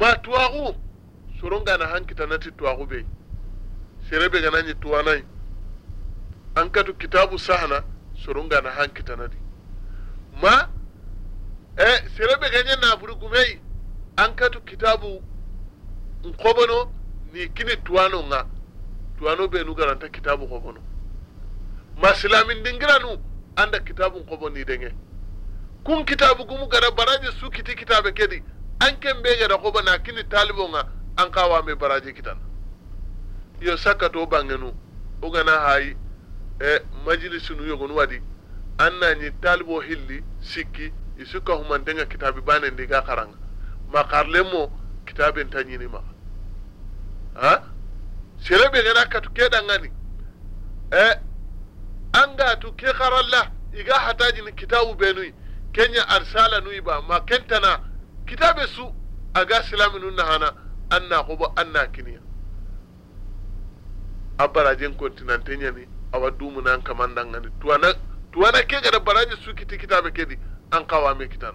ma tuwaku surunga na hankita nati tuwaku be serebe gana ñi tuwanai an katu kitabu sahana surunga na hankita nati ma e serebe n'a nafuri gumei an katu kitabu nkobono ni kini tuwano nga tuwano be nu garanta kitabu kobono ma silamin dingiranu anda kitabu nkobo ni denge kun kitabu gumu gara baraje su kiti kitabe kedi an ken be ñana na kini taliɓonga an ka wame baraji kitana yo sakkato bangenu o gana hayi e majilisinu yogonu waɗi an nañi talibo hilli sikki i sukka humantenga kitabi banendi ga karanga ma karlen mo kitaben ta ñini maxa a serebe gana katu e, ke dangani e an gatu ke xaralla iga hatajini kitabu benuyi kenya arsala nuyi ba ma kentana kitabe su a ga nuna hana nahana na hobo na kiniya a barajen kontinante ñani awa dumunan kamandangani tuwa tuwana ke gada baraje su kiti kitabe di an kawame na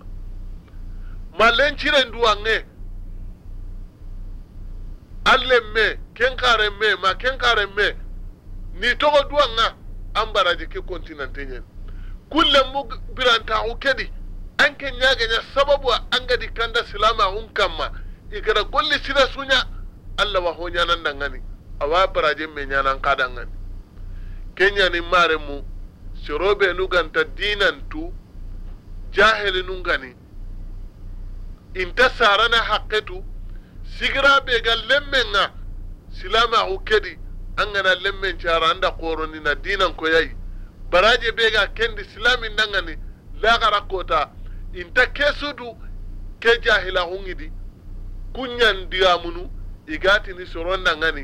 ma lenciren an alle me kenkaren me ma kenkaren me ni togo duwanga an baraje ke kontinantin ñani kullen mu ku kedi ya ganya sababu an gadi da silama un kamma igara golli sida sunya allah wa ho gani a wa barajin me ñanan gani kenya ni mare mu sirobe nu ganta dinantu jahili nu gani na sarana sigira bai ga lemmen na silama u kedi an gana lemmen cara anda na dinan yayi baraje bai ga kendi silamin gani lagara kota inta kesudu ke kunyan jahilahuŋidi kunɲandigamunu igatini soron naŋani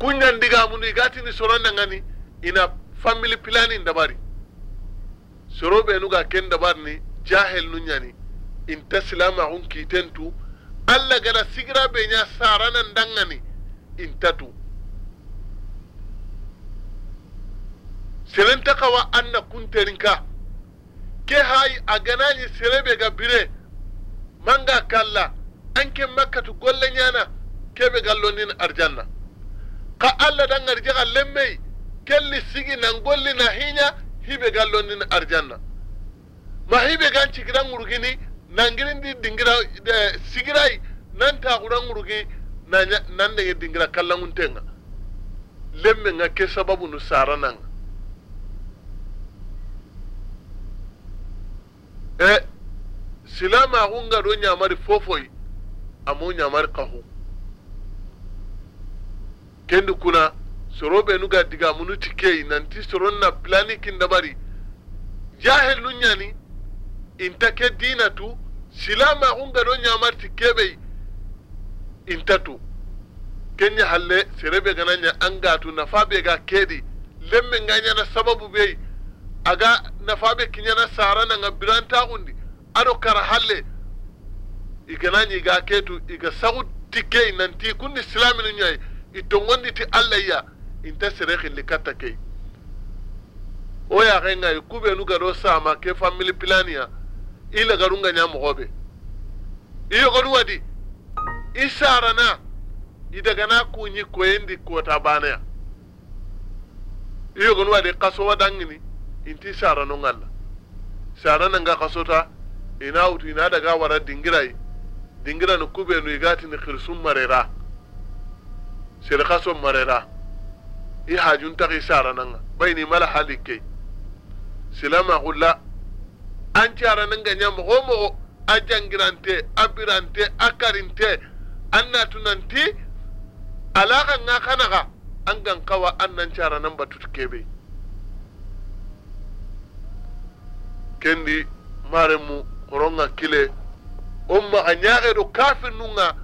kunyan diga gabondi igati ni soron ngani ina family planning dabari soro benu ga ken bari jahil nu nyani inta silamaxun hunki tentu allah gada sigira be ɲa saranan danŋani intatu selen takawa an na kunterinka ke hayi a ganañi serebe ga bire manga kalla anke makkatu golle ñana keɓe gallondin arjanna ka alla dan ga lemmey kelli sigi nan golli na hiña hiɓe gallondin arjanna ma hibe gan cigiran wurgini di dingira eh, sigirai nan ta taxuran wurgi nan dege dingira untenga lemme nga ke sababu nu sarananga e silama hunga do nyamari fofoy amu nyamari kahu kendu kuna soro be nuga diga munu tikei nanti soron na plani kindabari jahil nu nyani inta ke dina tu silama hunga do nyamari tikebe inta tu kenya halle serebe gananya angatu nafa be ga kedi lemme nganya na sababu bei aga nafaɓe kiñana sarananga undi aɗo kara halle iganañi iga ketu iga saxu tikkei nanti kunni silaminu ñayi i allah allahya inta sere xilli katta kei wo yaxengayi kuɓenu gaɗo sama ke famili pilaniya i lagarunga ña moxoɓe i yogonunga wadi i sarana i dagana kuñi koyendi kota baneya i yogonunga wadi xasowa dangini inti sara nun Allah sara nan ga kasota ina utu ina daga wara dingirai dingira ni kube nu igati ni khirsum marera sir kaso marera i hajun ta sara nan bayni mal halike silama gulla an cara nan ganya o mo a jangirante a akarinte a tunanti alaka natunanti alakan ga an gankawa an nan cara nan batutu kebe kendi mu koronga kile umma anyaage do kafir nunga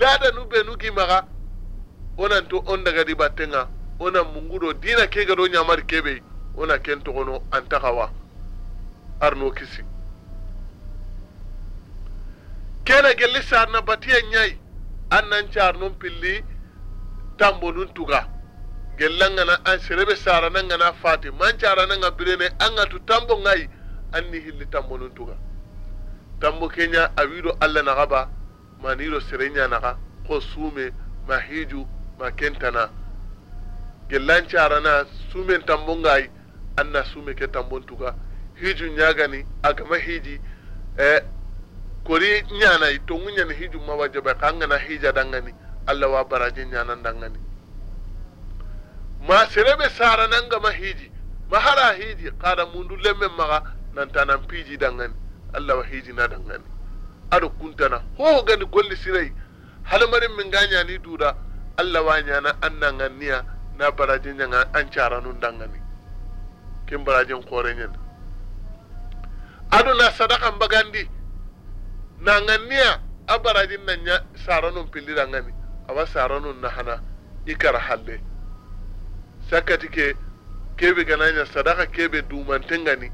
lada nu be nugi maga onan to onda gadi batenga ona mungudo dina kega do nyamar kebe ona kento kono antakawa arno kisi kena gelisa na batia nyai annan non pilli tambo nun tuga na an serebe saranangana fati man carananga birene an tu tambo ngai anni hilli tambonun tuga tambo kenya awido allah naga ba ma manido serenya naga ko sume ma hiju ma kentana gellancarana sumen tambongayi anna sume ke tambon tuga hiju ñagani agama hiji eh, kori ñanayi tongu ñani hiju mawajabe ka ngana hija dangani allah wa baraje ñanan dangani ma serebe saranangama hiji ma hara hiji kada mundu lemmen maga nan ta nan piji dangani allah wa hijina dangani adu kuntana hoho gani golli sirai halamarin min ganya ni duuɗa allah wa nya an annan niya na barajin nan an caranun dangani kin barajin kore ñana aɗo na sadakan bagandi na niya a barajin nan ya saranun pilli dangani awa nun nahana hana kara halle sakati ke kebe gananya sadaka keɓe gani.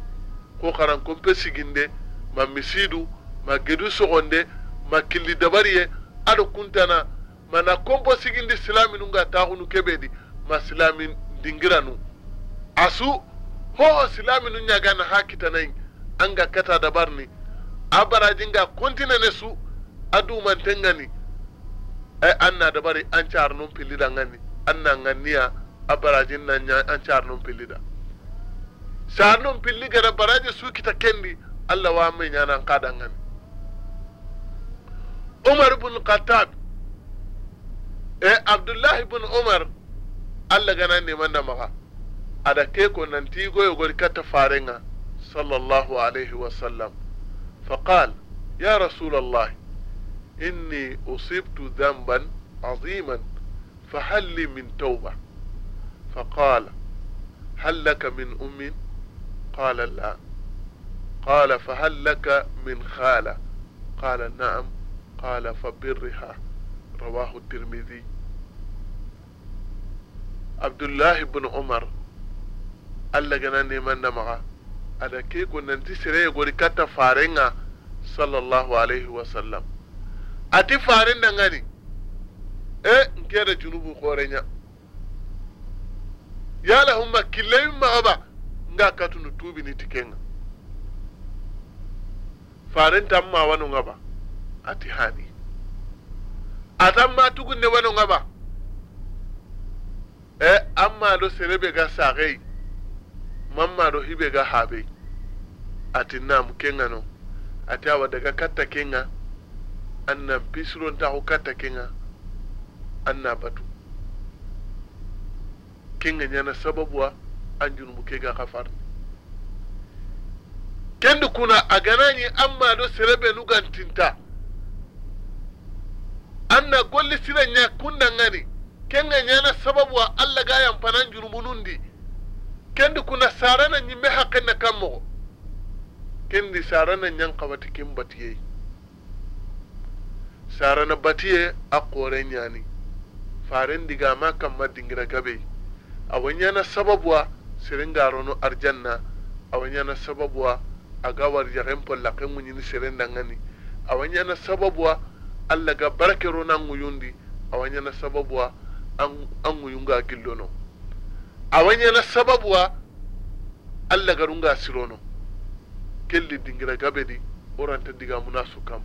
ko karan kompe siginde ma misidu ma gedu sogonde ma killi ye ado kuntana mana kompo sigindi silaminu nga taxunu kebedi ma silami dingiranu asu hoho silaminu ñagana ha kitanayin anga kata dabarni a baraji nga kontinene su a gani ay e, an na dabari an carnun pillida gani an na nganniya a barajin na an carnun pillida sanun pilli gara baraji su kita kendi allah wa men yanan kadan ngani umar ibn khattab e abdullah ibn umar allah gana neman da maka ada ke ko nan tigo ya gori kata farenga sallallahu alaihi wa sallam faqal ya rasulullah inni usibtu dhanban aziman fahal li min tauba faqal هل لك من أم قال لا قال فهل لك من خالة قال نعم قال فبرها رواه الترمذي عبد الله بن عمر Allah neman da maka a da ke gunan ti a sallallahu alaihi wasallam a ti farin da ngani ya killai tubini kenga farin tamma wani ngaba ati hani a tukun ne wani ngaba e amma lo serebe ga sagai mamma do hibe ga habe a na mu kenga no a ti awa daga katta kenga annan pisiron ta katta kenga anna batu kenga nyana sababuwa an junumu kega kafarni kendi kuna an amma do serebe an na golli sira nya kunna ngani kenga nyana sababu wa alla ga yampanan jurumunundi kendi kuna sarana nyimme kan kammo kendi sarana nyan qawati kimbatiye sarana batiye a kore nyani faren diga ma ma dingira gabe awanyana sababu wa siringarono arjanna awanyana sababu wa a aga warjaxen pollaxen ŋuñini serendangani awañana sababuwa allah ga barakero na ŋuyundi awañana sababuwa a ŋuyunga gillono awañana sababuwa allah garunga no kelli dingira gabedi oranta digamuna sukam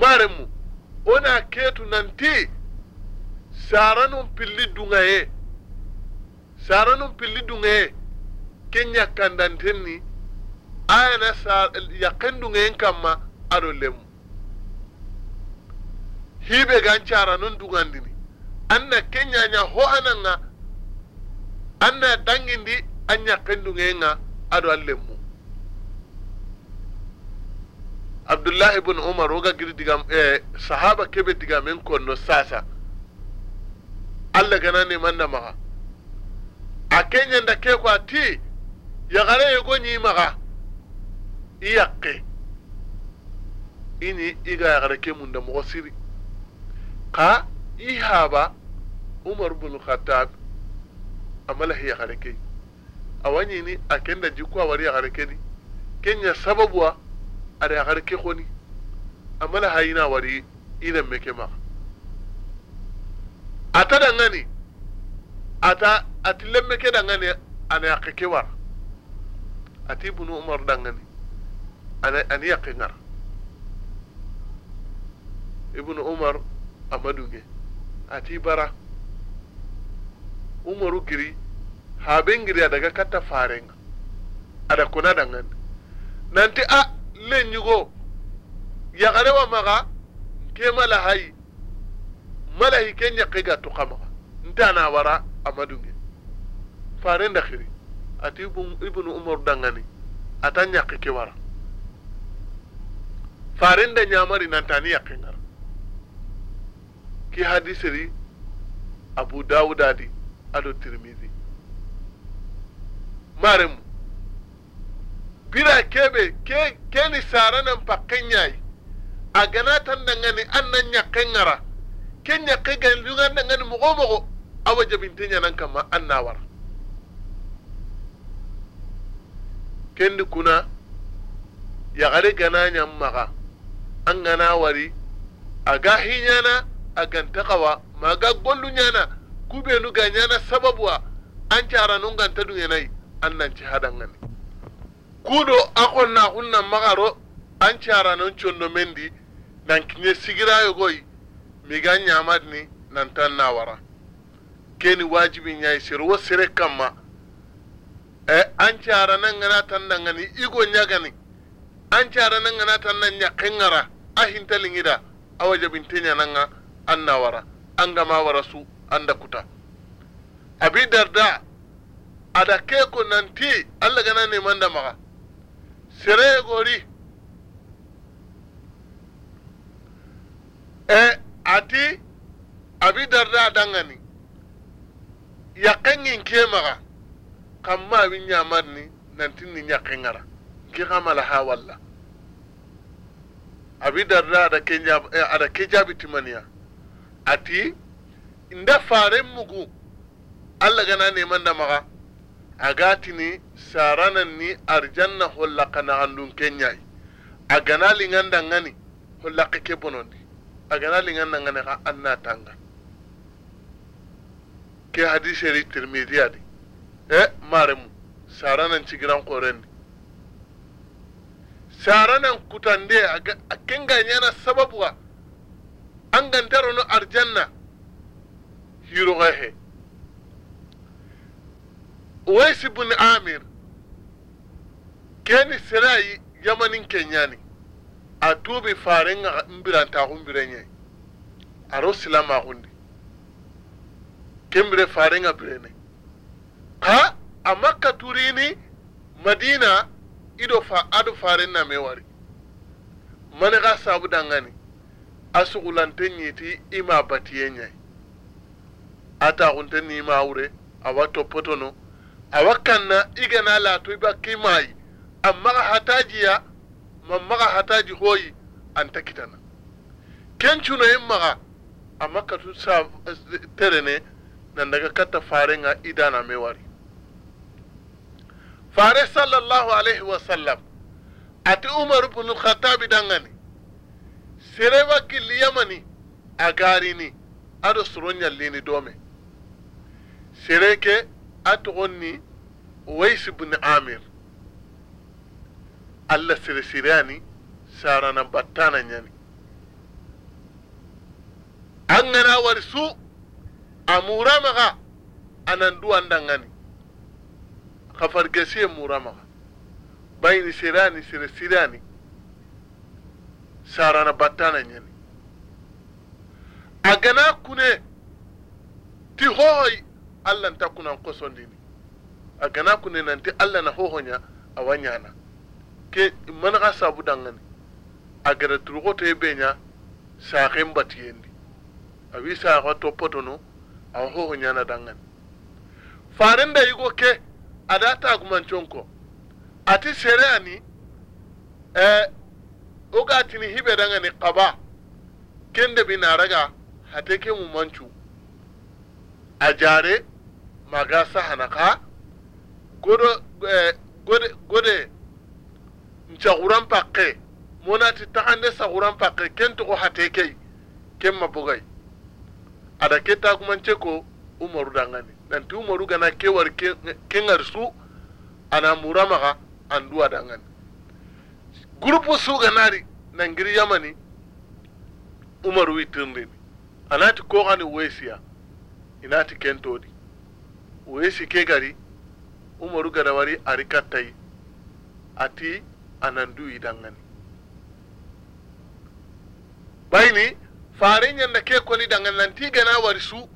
maremu ona ketu nanti saranun pilli dunga ye saranun pilli dunga ye ken yakkandanten ni ayana yakkendungen kamma aɗo lemu hibe gan cara non dugandini anna nya ho ananga anna dangindi an ngayen aɗo an lemu abdullah ibn umar woga giri diga eh, sahaba diga min konno sasa allah ne manna maha a keñanda ke ko a yagara ye ko ñi maga i yakke ini i ga yagara ke munda mogo siri ka i haba umar bnu khatab amalahi yagara ke awa ni a kenda jikku ke ni kedi kenya sababuwa ada yagara ke xoni amala hayina wari i lemme ke maga ata dangani ata ati lemme ke dangani ana yakke ke wara ati bunu umar dangani ani yaqi ngar ibnu umar amaduge ati bara umaru giri haben giri adaga katta farenga ada kona dangani nanti a lenyugo yagarewa maga kema lahayi malahi ken yaqi ga tuqamaga nta na wara amaduge farenda khiri ati ibnu umar dangani ata ñakki kiwara ta ñamari nantani yakkingara ki hadisiri abu dawudadi ado aɗo tirmidi maremu bira kebe ke keni saranan pakkeñayi a tan dangani an nan ngara ke ñakke gandugan dangani mogo mogo awa jabinte ñanan kamma an na wara kendi kuna yagare gana nyan maga an gana wari a gahi nyana a gantakawa ma ga gollu nyana kube kubenu ga sababu wa an cara nun ganta dungenayi an nan nanci hadangani kudo a kunnan magaro an cara nun condo mendi nan kiñe sigirayogoyi nan tan na nawara keni wajibi nyai sere wo sere kama. E, an cara nan ngana tan nan gani igo gani an cara nan ngana tan nan nyakengara ahin talingida awaje bintenya nan nga anna wara an gama wara su an da kuta abi darda ada ke ko ti Allah gana ne da maka sere gori e ati abi darda dangani yin ke maga kamma wi ñamar ni tin ni ñakke ngara ki xamala ha walla abi darda ada ke eh, ada ke jabi timaniya ati inda fare mugu allah gana neman da maga a gatini saranan ni arjanna holla kana handun kenyai a gana lingan dangani holla ke bonondi a gana lingan ngani ha anna tanga ke hadiseri tirmidiya di e eh, maremu koren cigiran korendi saranan kutande a kenganyana sababuwa an gantarono arjanna hiroga he wais bun amir keni serayi yamanin kenyani a dubi farenga mbirantaxumbirenye aro silamaxundi kembire farenga birene a a makka turini madina ido fa adu farin na mai wari mani ga sabu dangane a sugulantin yi ti ima batiye nyai a takuntin ni ma wure a wato potono a wakan na igana i ba kimayi amma ga hatajiya mamma ga hataji hoyi an ta kitana ken cuno yin maga amma ka tu sa eh, tere ne nan daga katta farin a idana mai wari fare sallallahu alaihi wasallam ati umar bin lhatabi dangani sereba yamani a garini aɗo soro ñallini dome sereke a togonni ways bin amir allah sere sireani sarana battana ñani an gana wari su a muramaga anan duwan dangani kafargasi muramaga bayni sirani sire sidani sarana battana ñani a gana kune ti hohoy allah nta kunan kosondini a gana kune nanti allah na hohoña awa ñana ke manaxa sabu dangani a gara turuxotoye beña saaxen batiyendi awi potono a awa hohoñana dangani farenda yigo ke adata agumanchonko ati e, ni eh oga tini hibe danga ni qaba kende bi raga hate ke mu manchu ajare maga sahanaka godo eh, gode gode nchaguran pakke monati sa saxuran pakke ken toxo hate key ken mabogai ada ke tagumance ko umaru dangani nanti umaru gana kewar kengar su ana muramaga an duwa ngan grupu su na ngiri yamani umaru witirndini anati ni wesiya inati di wesi ke gari umaru gana wari ari kattayi ati anan duyi dangani bayini fare ñanda ke koni da dangan nanti gana wari su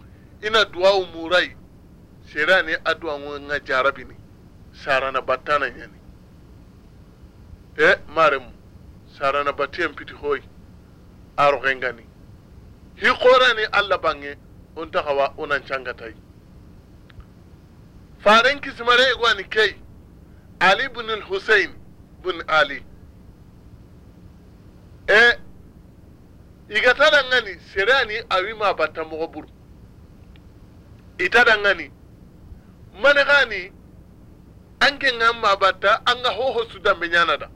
ina duwawu umurai sera ni adwa ngo nga jarabi ni sara na batana nyani e eh, marem sara na batiyam piti hoy aro gengani hi ne alla bange onta hawa onan changatai faren kismare ni kai ali bin al-husayn ibn ali e igata dangani serani awima batta mogo buru ita dangani mani gani an ken an mabata an ga hoho su nyana da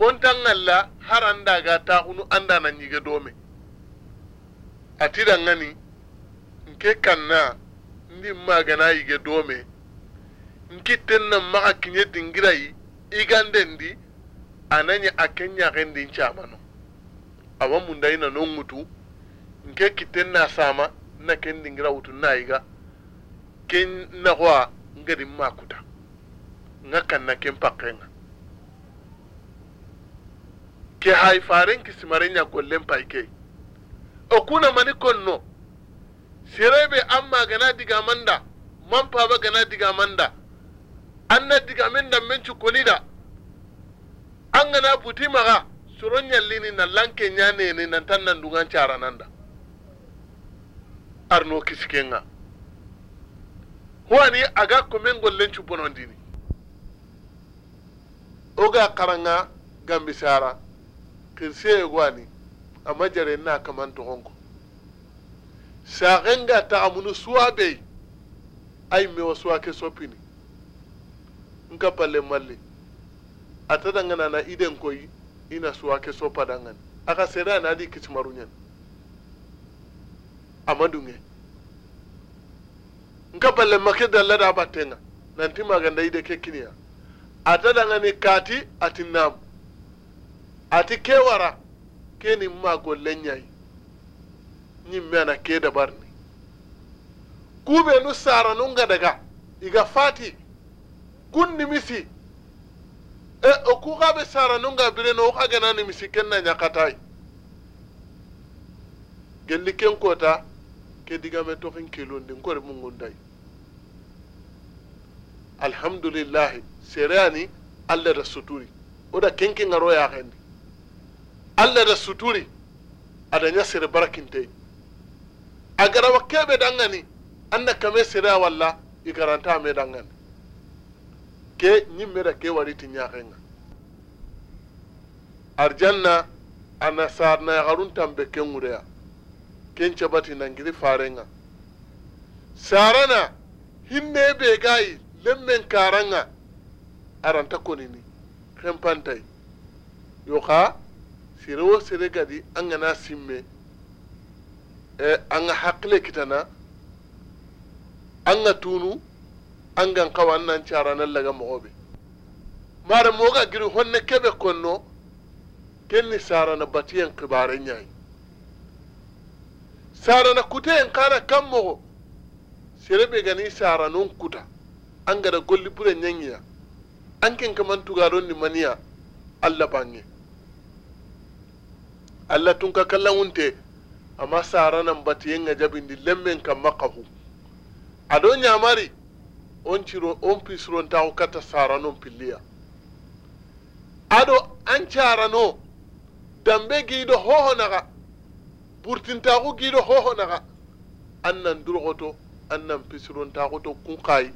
on tan alla har an daga taxunu an da dana ñige dome atidan ngani nke kanna ndi magana yige dome nkitten nan maxa kiñe dingirayi igandendi di a ken ñaxendin camano awa mundayina non ŋutu nke kitten na sama na ken dingira wutu na yiga ken naxoa ngedi makuta nga kanna ken paqenga ke hay faren kisimareña gollen pay ke o kuna mani konno sirebe amma gana diga manda man ba gana diga manda an na diga min da min da an gana buti maga soron yallini na lanke nyane ne nan tan nan dungan cara nan da arno kiskenga ga aga komen gollen dini oga karanga ya gwani a jaren na kaman togonko ta taxamunu suwa ɓey ay mewa suwa ke soppini nka palle dangana na idan koyi ina suwa ke soppadangani axa seeda anadi kisimaruñani a dunge nka balle make dalla da battenga nanti maganda ide ke kiniya ata dangani kati ati nam ati ke wara ke ni ma golle ñayi ñimme ana ke dabarni kuɓe nu sara nu gadaga iga fati kun nimisi e o kuxaɓe sara nu ga bireno wo xa gena nimisi ken na ñakatayi gelli ken kota ke digame tokin kilundi nkori mungundayi alhamdulillahi sereyani allah da suturi da kenke ngaro yaxendi allah da suturi adaña sere barakinte a garawa keɓe dangani anna kame sereya walla i garanta me dangani ke da ke wariti ñaxenga arjanna a nasarnayaxarun tan be ke kenca bati nangiri farenga sarana hinne be gayi lemmen karanga aranta konini hempantai yoka sere wo sere gadi an gana simme eh, an ga kitana an tunu an nan laga mogobe mara moga giri honne kebe konno kenni sarana sarana kuteen kana kan mogo serebe gani saranun kuta an gada golli bure ñangiya an ken kaman tugaron ni maniya allah bange allah tun ka wunte amma saranan batiyenga di lemmen kamma kahu ado ñamari on ciro on ta katta saranon pilliya ado an carano dambe hoho hohonaga purtintaaxu giido xooxonaxa an nan durxoto an nan pisirontaaxuto kun xaayi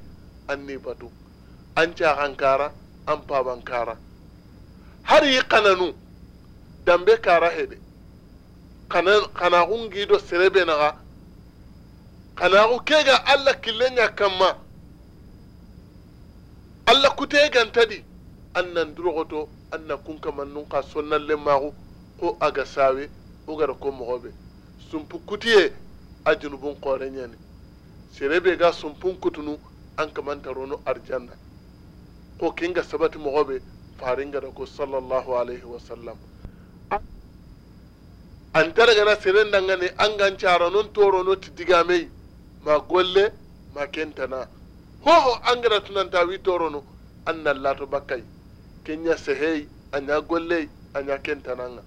an ni batu an caaxankaara an kara har yi xananu dambe kaara hede xanaxun giido serebe naxa xanaxu kega alla kama ɲa kanma alla kutee gantadi an nan durxoto an na kun kamannun xa sonnanlenmaxu ko aga saawe wo gara ko moxo sumpu kutiye a junubun koren yani serebe ga sumpun kutunu an kamanta ronu arjanna ko kinga sabati mogobe faringa da ko sallallahu alaihi wasallam an targana seren dangane an ganca ranon no ti diga mai ma golle ma kenta na hoho an gara tunanta wi torono an nan lato bakkai kenya sehei anya gollei kenta kentananga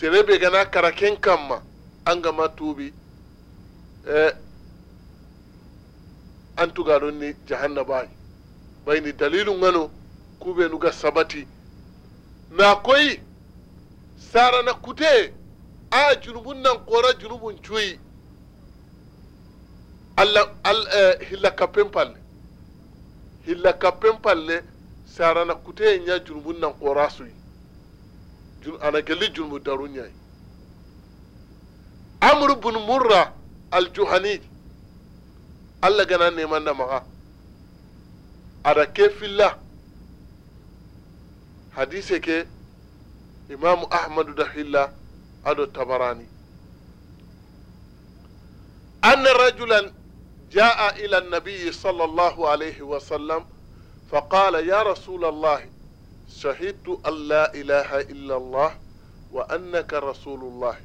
serebe gana karaken kama an gama tubi eh, an tugaron ni jahanna bai ni dalilin gano kube nuga sabati na koyi sara na kute a junubun nan kora junubun cuyi allah al, eh, hillakapen palle hillakapen palle sara na kute ya junubun nan kora su yi ana gelli julmu daru ñayi amr bun murra aljuhani allah gana nemanda maxa ada ke filla hadise ke imamu ahmadu da hilla ado tabarani أن رجلا جاء إلى النبي صلى الله عليه وسلم فقال يا رسول الله شهدت أن لا إله إلا الله وأنك رسول الله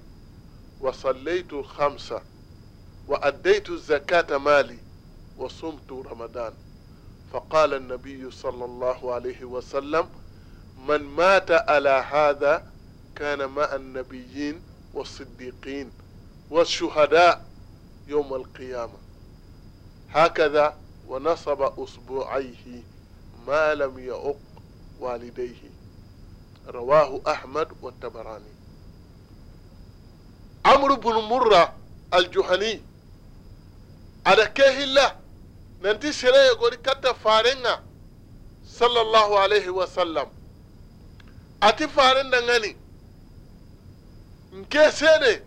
وصليت خمسة وأديت الزكاة مالي وصمت رمضان فقال النبي صلى الله عليه وسلم من مات على هذا كان مع النبيين والصديقين والشهداء يوم القيامة هكذا ونصب أسبوعيه ما لم يعق walidaihi rawahu ahmad wa amru bun murra aljuhani ada kehilla nanti sireye gori katta farenga sallallahu alaihi wasallam ati faren da ngani nke sede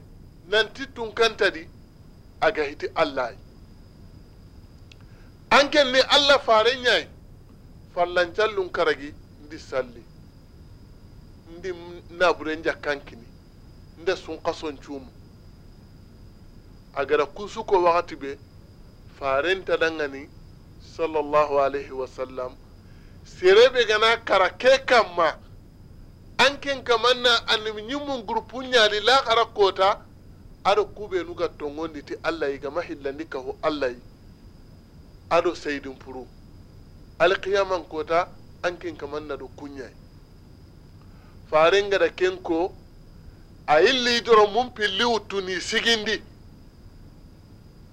nanti tunkantadi aga allahi an kenni allah faren yayi fallancallun karagi di salli ndi nabure nja kankini nde sunkason cuumu agara kunsuko wakati be farenta dangani sallallahu alaihi wasallam serebe gana kara ke kamma an ken kaman na annabi ñimmun groupe ñaali la kara kota ado kube nuga tongondi ti allahi yi gama hillandi kaho allahi ado aɗo seydin puru alkiyaman kota kin kaman na do faringa da kinko a yi doro mun fili wuttu ni sigindi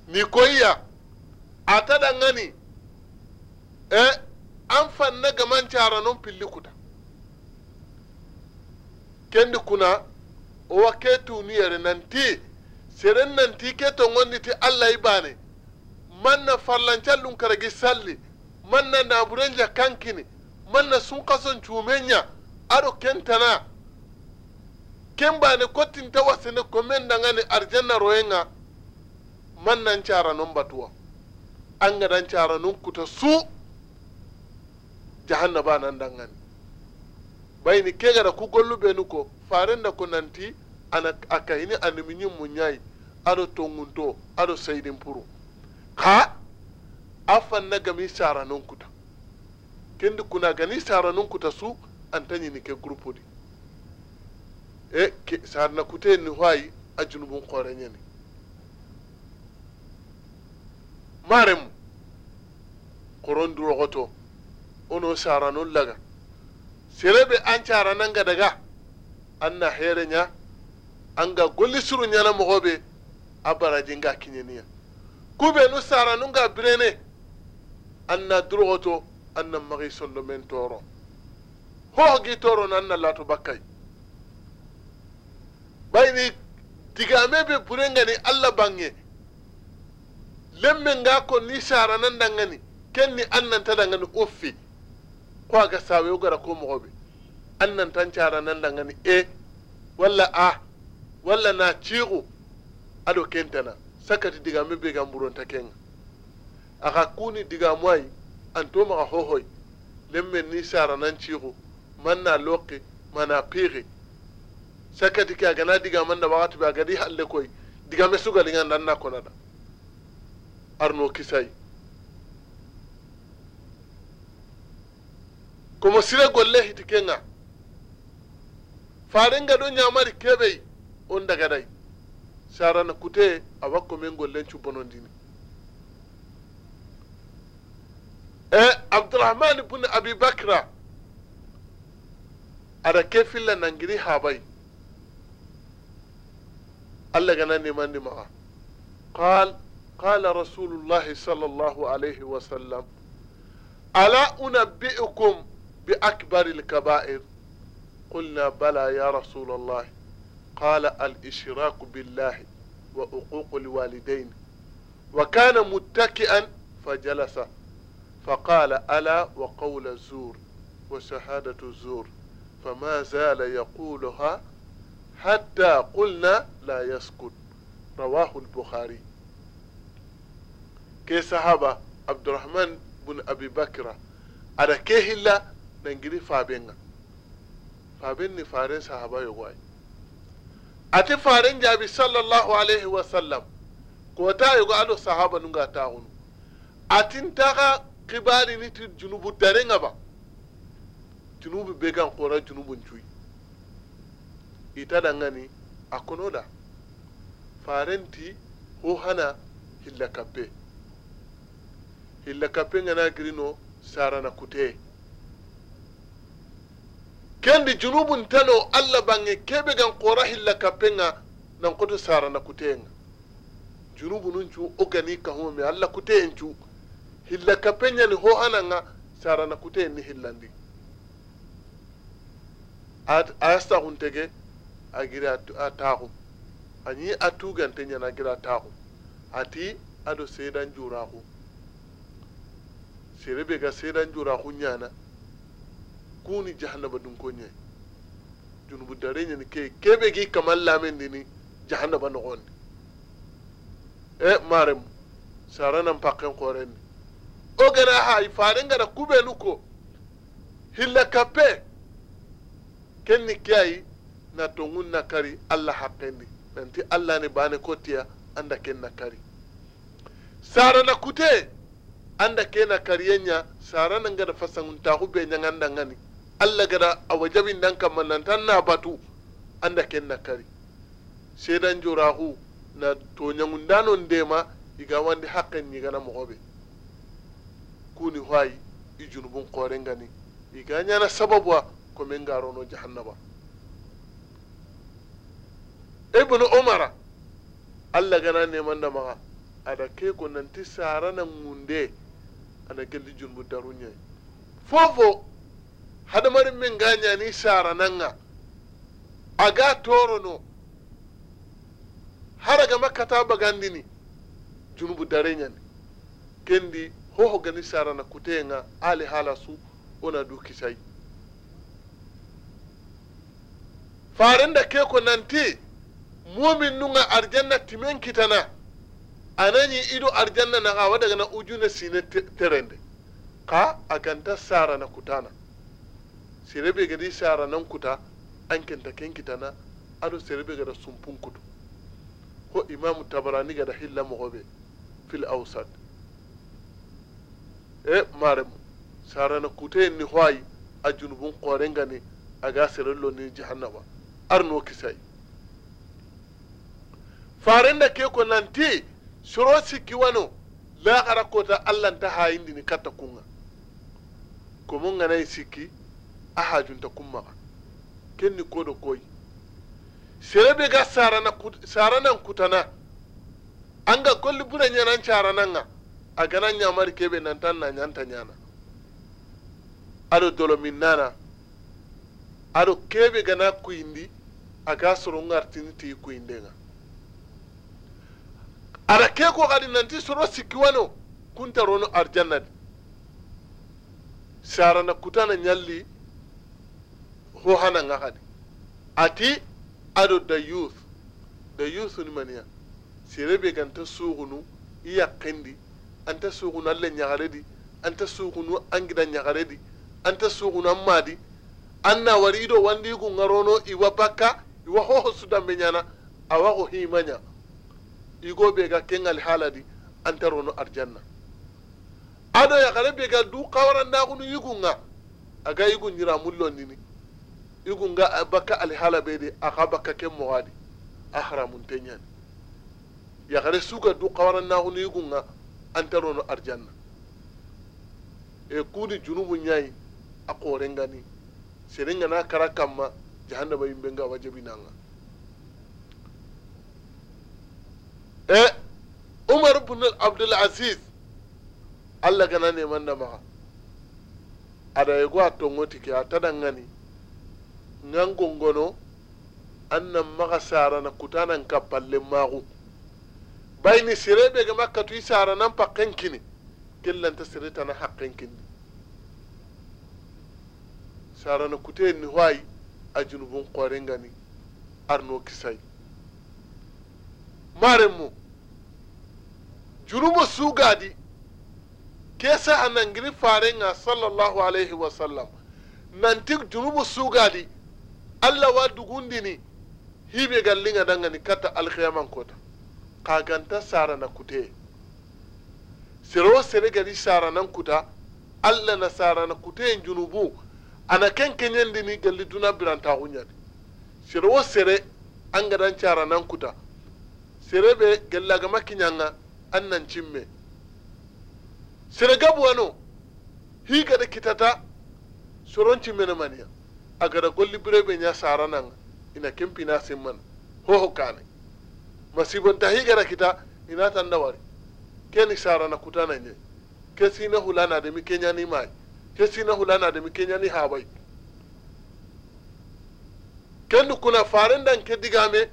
ni koya a ta dangane e an fanna gaman cara non kuta kendi kuna owa ke nan ti nanti seren ti ke to ti allah ibane man na farlancallum lunkaragi salli man na kankini manna sun kason cumenya aro kentana ken bani kotinta wasini komen dangani arjanna royenga man cara nun batuwa an ga dan nun kuta su jahannaba nan bai ni ke gara ku gollu benu ko farin da kunanti ana akahini animinyin munyai ado tongunto ado saidin puru ka afan na gami nun kuta kendi kuna gani saranunku ta su ta ñini ke groupe di e ke sarna kute ni hoyi a junubun kore ñani mu koron durogoto ono nun laga serebe an carananga daga an na here nya an ga golli suru ñana mogoɓe a baraji nga kiñeniya kube nu ga birene an na durogoto an nan magi sondo men toro hogi toro nan na lato bakkay bayni tigame be burengani allah bange lemme nga ko ni saranan dangani ni an tada dangani uffi ko aga sawe gara ko mogoɓe an nantan nan dangani e eh, walla a walla na ciiku aɗo kentana sakkati digame be gamburonta kenga aka kuni diga digamoayi an to maga hohoy lemmen ni nan ciixu man na loqi mana piixi sakkati ke a gana diga man da waxati be a gadi halle koy digame sugalinga nan na konada arno kisay komo sire golle hiti kenga farenga ɗo ñamari kebe on daga sara sarana kute awa komin gollen cubbonondini إيه، عبد الرحمن بن أبي بكر على كيف إلا ننجري هابي ألا جناني من معه قال قال رسول الله صلى الله عليه وسلم ألا أنبئكم بأكبر الكبائر قلنا بلى يا رسول الله قال الإشراك بالله وأقوق الوالدين وكان متكئا فجلس فقال ألا وقول الزور وشهادة الزور فما زال يقولها حتى قلنا لا يسكت رواه البخاري كي صحابة عبد الرحمن بن أبي بكر على كيه الله ننجري فابين فابين نفارين صحابة يغواي أتي فارين جابي صلى الله عليه وسلم كوتا يغالو صحابة نغا تاغنو أتي تاغا kibari ni ti junubu dare nga ba junubu be kan kora junubu cuyi ita da ngani a kono da farenti ho hana hilla kappe hilla kappe ngana sara sarana kute. kendi junubu tano allah bange kebe gan kora hilla nga nan koto sarana nga junubu nun cu ogani kahome allah kuteen cu hilla kapeñani ho ananga sarana kute ni hillandi a yastaxuntege a giri a taxu añi a tugante ñana a gira taxu ati ado seedan juraxu sere be ga jura ku ñana kuni jahannaba dunko ñayi junubu dare ñani ke kebe gi kaman lamendini jahannaba noxondi e eh, marem saranan pakken xorendi ogana hay gara kube ko hilla kappe kenni kiyayi na tongun na kari allah hakkendi nanti allah ni bane kotiya anda ken na kari sara na kute anda ke na kariyenya sara nan gada fasangun tahu be nyangan ngani allah gada awajabin dan kamanantan na batu anda ken na kari sedan hu na tonyangun danon dema iga wandi hakken ni gana mogobe kuni hwai i junubun koren gani i ga ñana sababu a komin no jahannaba ibnu umara allah gana neman da maga ada ke ko ti sara na ŋunde ana gelli junubu daru ñayi fofo hadamarin min ga ni sara nanga aga torono haraga makkata bagandini junubu dare ñani kendi hoho gani sarana kutenga ali hala su ona du farin da ke ko nanti mumin nunga arjanna timen kitana anani ido arjanna naga wada na ujune sine terende ka aganta na kutana sirebe gadi nan kuta an kenta ken kitana ado sirebe gada sumpun kutu ko imamu tabarani gada hilla mogobe fil awsat e maremu sarana kute ni hwai a junubun koren gani a gasirin lonin jihannaba arno kisai farin da ke ko nanti shiro siki wano la ta allan ta hayin dini kata kunga kumun ganai siki a hajun ta kuma kenni ko da koi sere ga sarana kutana an ga kolli buran yanan caranan ga a kana ɲamari kebe nan tan na ɲanta ɲana ado dolomin nana ado kebe gana kuyindi a ga soro ŋaritini ti kuyinde ŋa ada ke ko kadi nanti soro sikkiwano kuntarono arjanna di sarana kutana ñalli ho hana ŋa kadi ati ado da youth da youth ni maniya sere be ganta suugunu iya kendi. an ta nan lan ñagare di an ta nu an gida ñagare di an ta nan ma di an na wari ido wandi ku ngarono iwa bakka iwa hoho sudambe ñana awa ko himaña igo be ga kengal haala di an ta rono arjanna ado kare be ga du kawarandakunu yigunga aga yigun ñira a baka bakka alhaala be di aka bakka ken moxadi a ya kare su ka du kawarandakunu yigunga an taro no arjanna e kuni junubu ñayi a korengani senin gana kara kamma jahannaba yimɓe nga wajabinanga e umar bun abdul asis allah gana neman da maxa ada ye a tongoti ke a tadangani ngan gongono an nan maxa sarana kutanan bay ni sire be ga makka tu isara nan kankini killan ta sire ta tana hakken sara na kute ni hoayi a junubun korengani arno kisay su gadi ke sa anan a nangiri farenga sallallahu alaihi wasallam nanti su gadi allah wa dugundini hiɓe gallinga dangani kata alkiyaman kota kaganta sara na kute siro sere gari sara nan kuta alla na sara na kute en junubu ana ken kenyen dini galli duna biranta hunyadi siro sere an gadan cara nan kuta sere be galla ga makinyanga annan cimme sere gabu wano hi gada kitata soron cimme na maniya a gada golli birebe nya sara nan ina kimpi na simman ho kane masibonta higara kita ina tanda wari ke ni sara na kutana nye ke na hulana da mi kenya ni mai ke hula hulana da mi kenya ni habai kendu kuna farin dan ke digame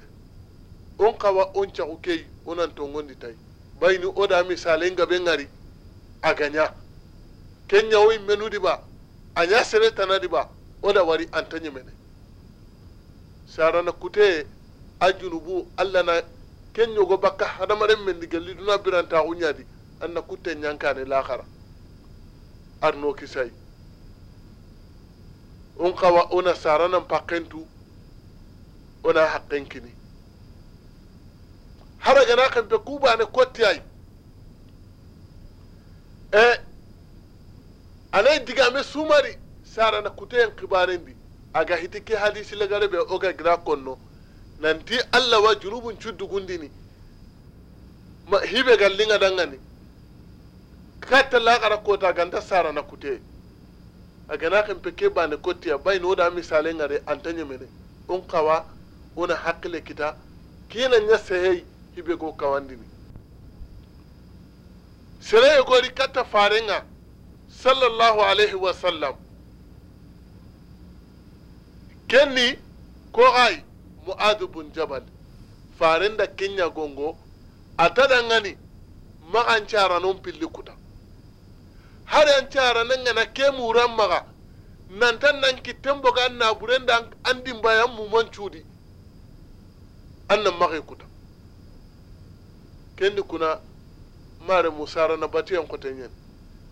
on kawa on ca ukei onan ni tai bayni oda misalen gabe ngari aganya kenya wi menu diba anya sere tana diba oda wari antanye mene sarana kute ajunubu allah na ken ñogo bakka hadamaren men diga duna birantaxu ñadi an na kutte ñankane laxara arno kisay on xawa ona saranan pakkentu una haqqen kini haragana xempe kubane ay e anay digame sumari sarana kuteyen xibarendi aga hiti ke hadisi lagarebe oga gira konno nanti allah wa junubun cuddugundini ma hibe gallinga dangani katta lakara kota ganta sarana kute a gana kan peke bane kotiya bai no da misalen ngare ta mene un kawa una hakile kita kina nya sehei hibe go kawandini sere go ri katta farenga sallallahu alaihi wa sallam kenni ko ai mu'adu bin jabal farin da kinya gongo a ta dangane ma an ci nun pili kuta har yan ci nan gana ke muran maga nan ta nan ki boga an na buren da an din bayan mu man cudi an nan magai kuta kendi kuna mare musara na kuta kwatanyen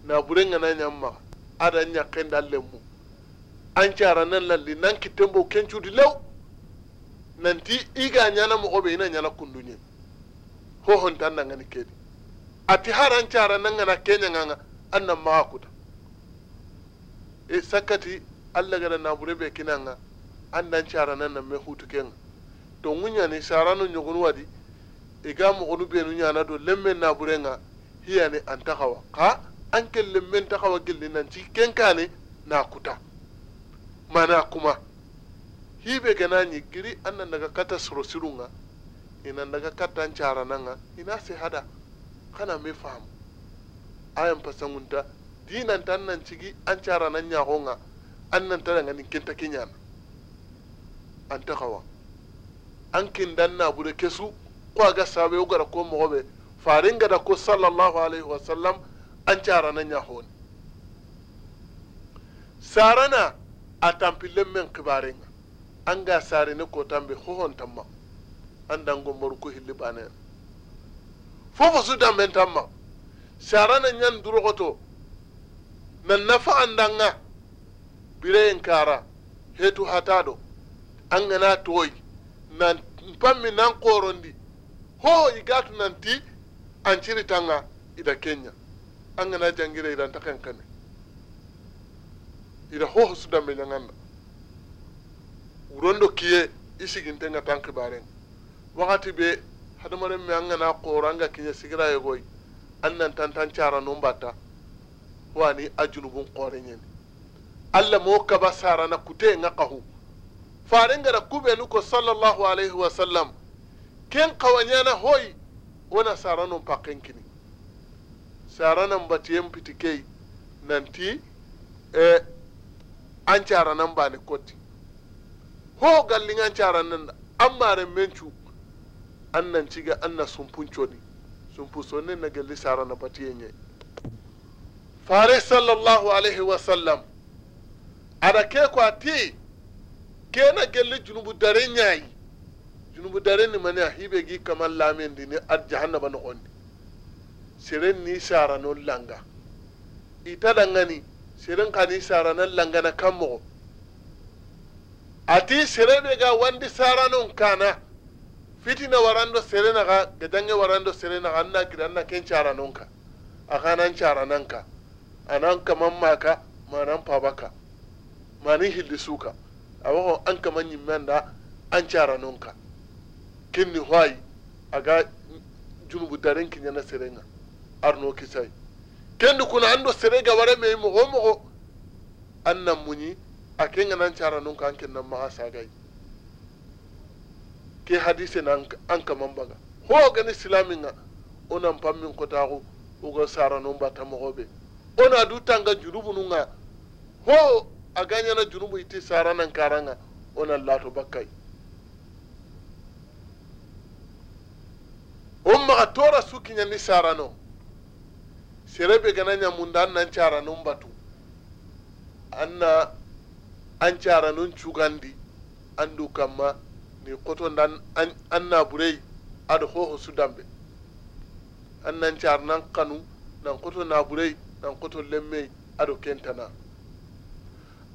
na buren nan yan maga adan yakken da mu an cara nan lalli nan ki tambo ken cudi lau nanti iga ñana mogoɓe ina ñana kundu ñen hohontan nangani kedi ati haran cara nangana keñaganga an nan maga kuta e sakkati allah gada nabure kina kinanga an nan cara nan nan me hutu kenga to ŋuñani sarano ñogonu wadi iga mogonu ɓenu ñana do lemme naburenga hiyani an taxawa xa an ken lemmen taxawa gelli nanti kenkani na kuta mana kuma hibe ni giri anna daga kata nga ina daga kata ncarananga ina se hada kana me famu ayan pasangunta dinan tan nan cigi an caranan honga an nan nga daga nin kenta kawa an taxawa an kindan bude kesu ko aga sabe wo gara ko moxoɓe farin da ko sallallahu alaihi wasallam an caranan ñaxoni sarana a tampilen men kibarin. an ga sare ne ko tambe hohon tamma an dango moru ko hilli banen fofo su damben tamma sarana nyan durogoto na nafa bire bireyen kara hetu hatado an gana toyi nan pammi nan korondi ho nan ti an ciritanga ida kenya an gana jangire idan takan kane ida hoho su dambe nyanganda wurondo kiye i siginte nga tanki baren wakati be hadamaren me an gana koro an ga kiye sigira yegoyi an nan tan tan cara nun bata wani a junubun kore ñeni allah mo kaba sarana kute nga kahu faren gara kube ko sallallahu alaihi sallam ken kawanyana hoyi wana saranun pakken kini saranan batiyen piti kei nanti eh, an caranan bani koti. ho gallingan caran nan an maren mencu an nan ciga an na sun funco ne sun fuso ne na galli sara na batiyan yayi fare sallallahu alaihi wa sallam ada ke kwati ke na galli junubu daren yayi junubu daren ni mani a hibe gi kamar lamin di ne ar jahannaba na ondi sirin ni sara no langa ita dangani sirin ka ni sara na langa na kan mogo ati ga wandi saranon kana fitina warando ga gedange warando serenaga anna kira anna ken caranonka akanan a anan kaman maka manan pabaka mani hilli suka awako an kaman da an caranonka kinni hwayi aga junubu daren na serenga arno kisai kendi kuna ando serega ware mei mogo mogo an nan munyi. a ke ɲana cara nun kan kin nan maga sagai ke hadise na an kaman baga ho gani silamin ga onan pammin kotaku uga sara nun bata mɔgɔ be ona du tanga junubu nun ga ho a gaɲana junubu ite sara nan karan ga ona lato bakkai on maga tora su kiɲani sara no sere be gana ɲamunda an nan cara nun batu an na an caranun cugandi an du ne ni da an na a da hoho su dambe an nan car nan kanu nan na naburei nan koto lemmei kenta kentana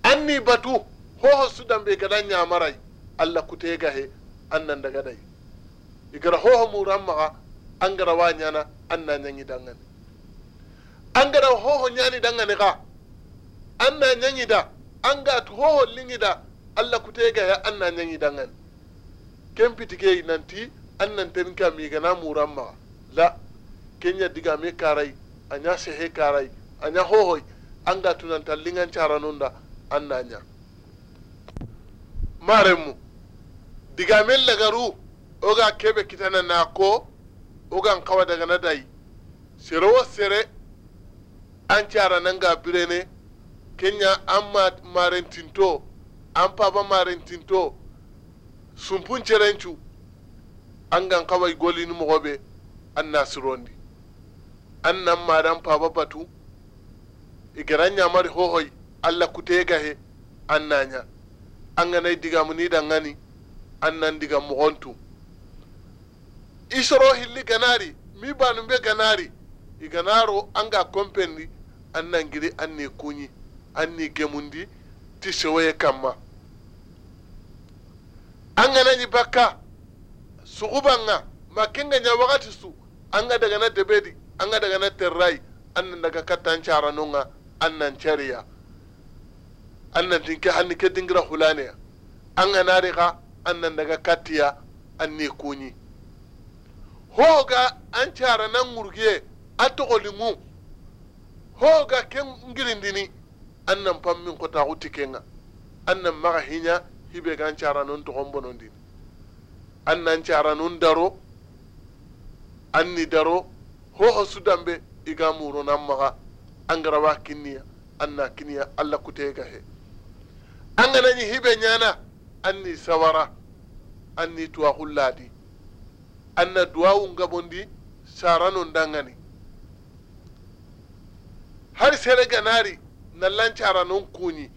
an ni batu hoho su ga gada ñamarai allah ta he an nan daga dai igara hoho muran maga an gara wa nyana an na ñangi dangane an gara hoho nyani dangane ka an na ñangi da an ga hoho liŋida allah ga ya an na ñaŋidaŋani ken nan nanti an nanterin ka gana muran ma la kenya digame karai ya sehe karai anya hohoi an ga ta lingan caranun da an na nya maremu digame lagaru oga kebe kitana na ko oga kawa daga na dai sere wa sere an cara nan ga birene kenya an marintinto an paba marentinto sumpun cerencu an gan kawai ni mɔgɔ be an nasirondi an nan madan paba batu igara ñamari hohoy allah kute gahe an naña an ganay da gani an nan diga i soro hilli ganari mi banum be ganari ganaro an ga kompendi an giri an ne kuñi an gemu gemundi ti sewoye kama an su uban sugubanga ma kenga ña wakati su an ga daga na debedi an ga daga na terrai an nan daga kattan caranonga an nan cariya an nan tinke hanni ke dingira hulaneya an ga nariga an nan daga katiya an ni kuñi hoga an cara nan ngurgiye a togolingu hoga ke ngirindini annan pammin kota uti kenga annan maga hinya hibe gan cara non to gombo non din annan cara non daro an ni daro ho o sudambe iga muro nan maga angarawa kinniya na kiniya alla kutega he ni hibe nyana ni sawara an ni tuwa hulladi anna duwawu ngabondi sarano dangani har sere ganari na lancara non kuni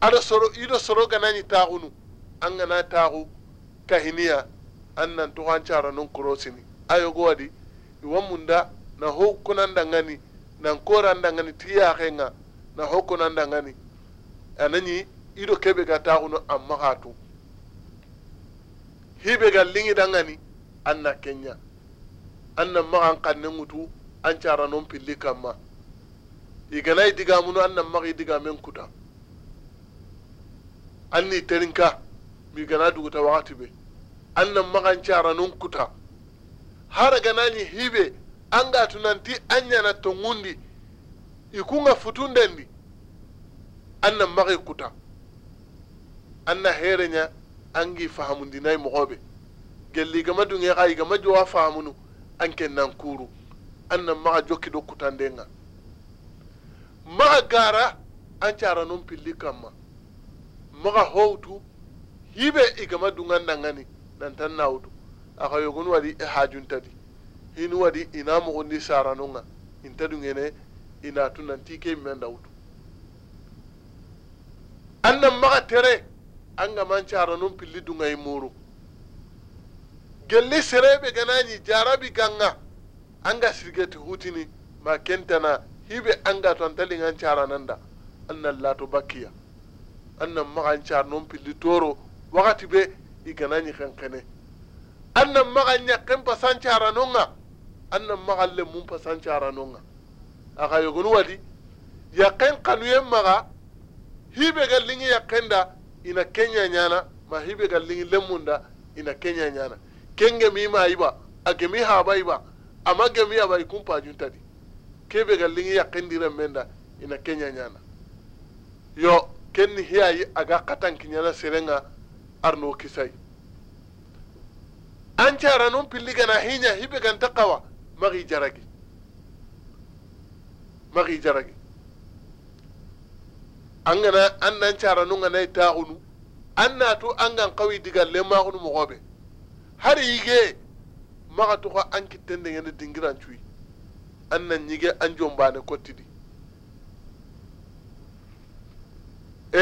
ada soro ido soro gana ni taunu an gana taxu kahiniya an nan tuxan cara non korosini ayogo wadi iwa munda na ho kunandangani nan tiya tiyaxenga na ho kunandangani anani ido kebe ga taunu an maxatu hibe ga liŋidangani an na kenya an nan maxan kannin mutu an cara non pilli ma. iganai diga munu annan magi diga men kuta ni terinka mi gana duguta wakati be annan magan caranun kuta har ni hibe an ga tunanti an yana tongundi ikunga an annan magi kuta anna herenya angi fahamundinai mogoɓe gelli gama dunge xa gama jowa fahamunu an ken kuru an annan maga jokki do denga. maga gara an cara nun pilli kama maga howtu hibe igama dungan dangani nantan nawtu aka ni wadi e tadi hinu wadi ina nunga in inta dungene ina tunan tike men dawtu an nan maga tere an gaman cara nun dunga dungayi muru gelli gana ganañi jarabi ganga an ga sirgeti hutini ma kentana hibe anga tan tali an cara nan da annan lato bakiya annan an cara non pili toro wakati be igana ñi kenkene annan magan ñakken pasan cara nonga ga annan magan le mun pasan cara nonga ga aka yogonu wadi kanu kanuyen maga hibe ya kan da ina kenya nyana ma hibe gallingi lemmun da ina kenya nyana kenge mi ma yiba a gemi haba yiba ama gemi aba ikun juntadi kebe ga lingi yakindire menda ina kenya nyana yo kenni hiyayi aga katankiñana serenga arno kisay an cara nun pilli gana hiña hibe ganta kawa maxi jaragi maxi jaragi an gana an nan cara nun ganayi taxunu an natu an gan kawi digalle mu gobe har yige maxa tuxa an kittendengene dingiran cuyi annan yige anjon bane kotidi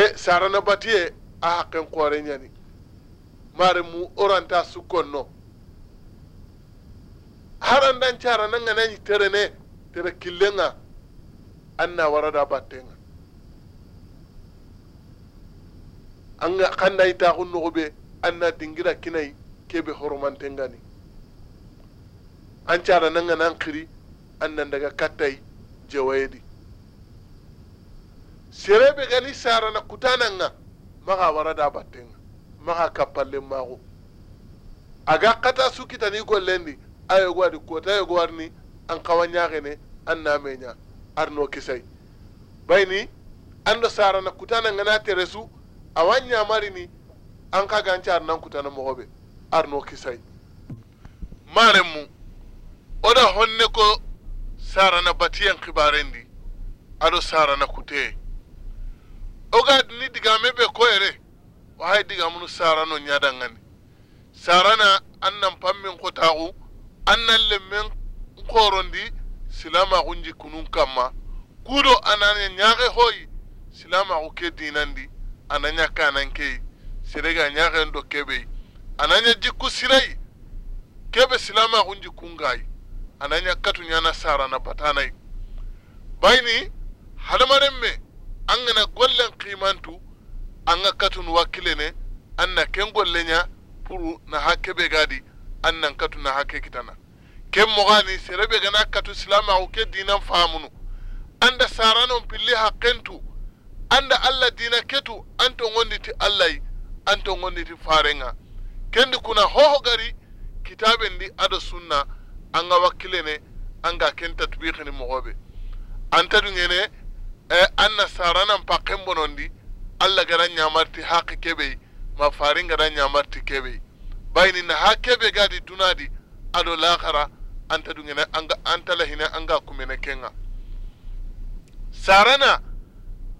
e sarana batiye a hakken koore ñani mare mu oranta sukkonno harandan na nganañi terene tere ne tere killenga anna warada battenga anga kanda itaxun noxuɓe anna dingira kinayi kebe horomantengani an carana nganan xiri annan daga kattai jawaydi serebe gani sarana kutananga maga warada batin maga kappallen mago aga kata sukitani di ayogo adi kota yogo warni an kawanya gane an nameña arno kisay bayni an sarana sara na na teresu awa ni an ka ganci arnan kutana mogoɓe arno kisai maremu oda honne ko sarana batiyan kibarendi aɗo sarana kuteye oga ni digame ɓe koyere o hay n'o sarano ñadangani sarana an nan pammin kotaku an nan lemmen korondi silamaku jikkunun kamma kuɗo anana ñaxe hoyi silamaku ke dinandi ananya ñakka anan keyi serega ñaxen do keɓeyi ananya jikku sirayi keɓe silamaku jikkungayi ananya katu ñana na batanayi bayni hadamaren me an gana kimantu an ga katun wakile ne an na ken gollenya puru na hake be gadi an nan katu na hake kitana ken mogani serebe gana katu silama u ke dinan famunu an da saranon pilli hakentu an da allah dina ketu an ngondi ti allai an ngondi ti farenga kendi kuna hoho gari kitaben di ado sunna an ga wakile ne an ga ken tatbikini mogoɓe anta dungene e an na saranan pakken bonondi allah gada ñamarti haqi bai ma farin gada ñamarti bai bayni na ha keɓe gadi dunadi ado lahara anta dungene anta ne an ga ne kenga sarana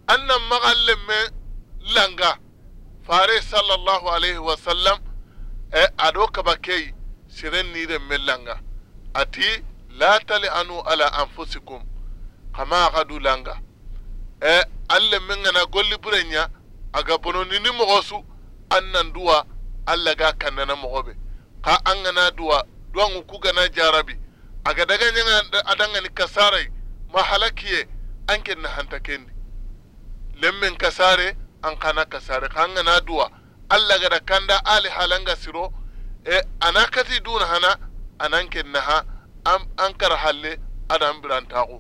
an na maxallen me langa fare sallallahu alaihi wa sallam e, aɗo kaba keyi siren de me langa ati la tali anu ala anfusikum kama du langa e alle mengana golli burenya aga bononi ni mogosu annan duwa alla ga mɔgɔ mogobe ka angana duwa duwan ku gana jarabi aga daga nyanga adanga ni kasarai mahalakiye anken na hanta kendi lemmen kasare an kana kasare ka angana duwa alla ga da kanda ali halanga siro e anakati duna hana anan ke na ha an kar halle adam biran taxu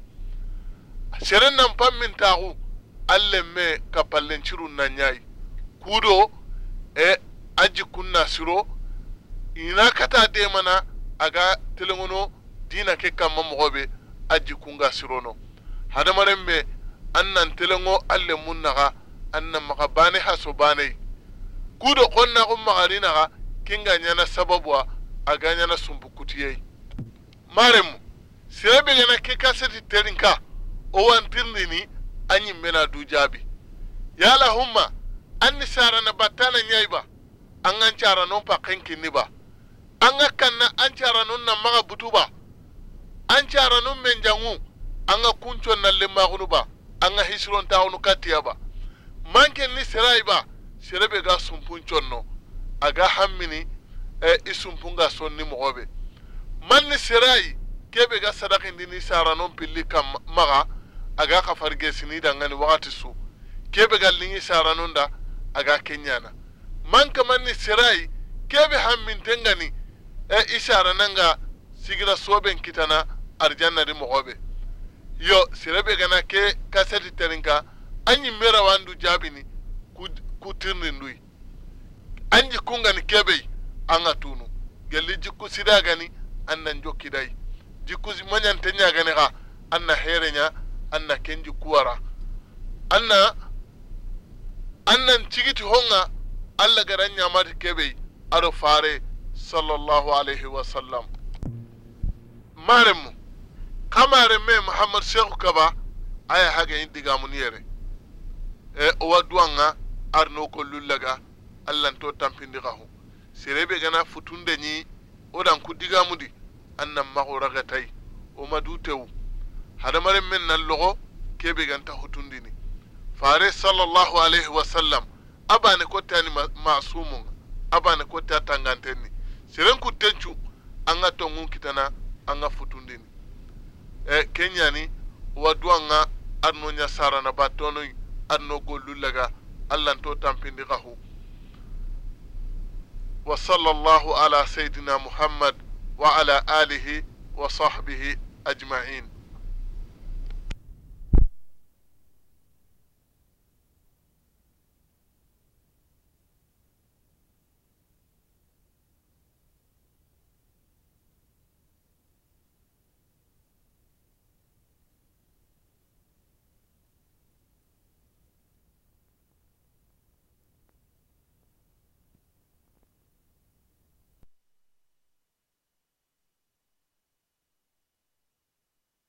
seren nan pan min taxu an me ka ciru nan yayi kudo e a jikkun na siro ina kata de mana aga telengono dina ke kamma mogoɓe a jikkunga sirono hadamaren me an nan telengo an lemmun naxa an nan maxa bane haso baneyi kudo konna naxun maxani ga kinga ñana sababuwa a ganyana sumbukutiyei maremu sirebegena ke kaseti terinka o wantirndini a mena du jaabi yala humma anni sarana battana ba. an gan cara non kenki ni ba an ga kanna an cara non na maga butu ba an cara non men jangu an ga kuncon nan limmaxunu ba an ga ba manken ni serayi ba ga sumpuncon no a hammini E, i sunpun ka sɔn ni mɔgɔ be man ni sera yi ke be ka sadakindi ni saranon pilli kan maga a ka ka farigesini dangani wagati su ke be ka liŋi saranon da a ka ke ɲana man ka man ni sera yi ke be hamminten gani e, i saranan ga sigira soben kitana arjanna di mɔgɔ be yo sere be gana ke kaseti terin ka an ɲimme rawandu ni ku tirindinduyi an ji kungani kebei an ga tunu gelli jikku sida gani an nan dai jikku mañante ñagani xa an na heereña an na ken jikkuwara an na an nan cigiti honga allah gara ñamati keɓey aɗo faare sallallahu alayhi wa sallam mare mu kamare me mouhamadou cheikhu kaba aya diga digamun yere e duwan nga arno ko lullaga to tampindi xahu serebe gana futunde ñi odan kudiga mudi annan maxuraxe ragatai o madu tewu hadamaren men nan logo kebe ganta hutundini fare sallallahu alaihi wasallam abane kottani masumunga abane kotta tanganteni seren kuttencu an ga tongun kitana an ga futundini e kenyani wa duwan ga arno nya sarana batonoi arno gollu laga to tampindi gahu وصلى الله على سيدنا محمد وعلى آله وصحبه أجمعين